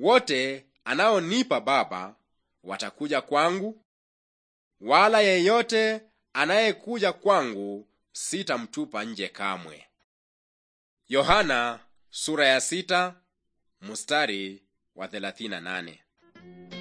Wote anaonipa Baba watakuja kwangu, wala yeyote anayekuja kwangu sitamtupa nje kamwe. Yohana sura ya sita mstari wa 38.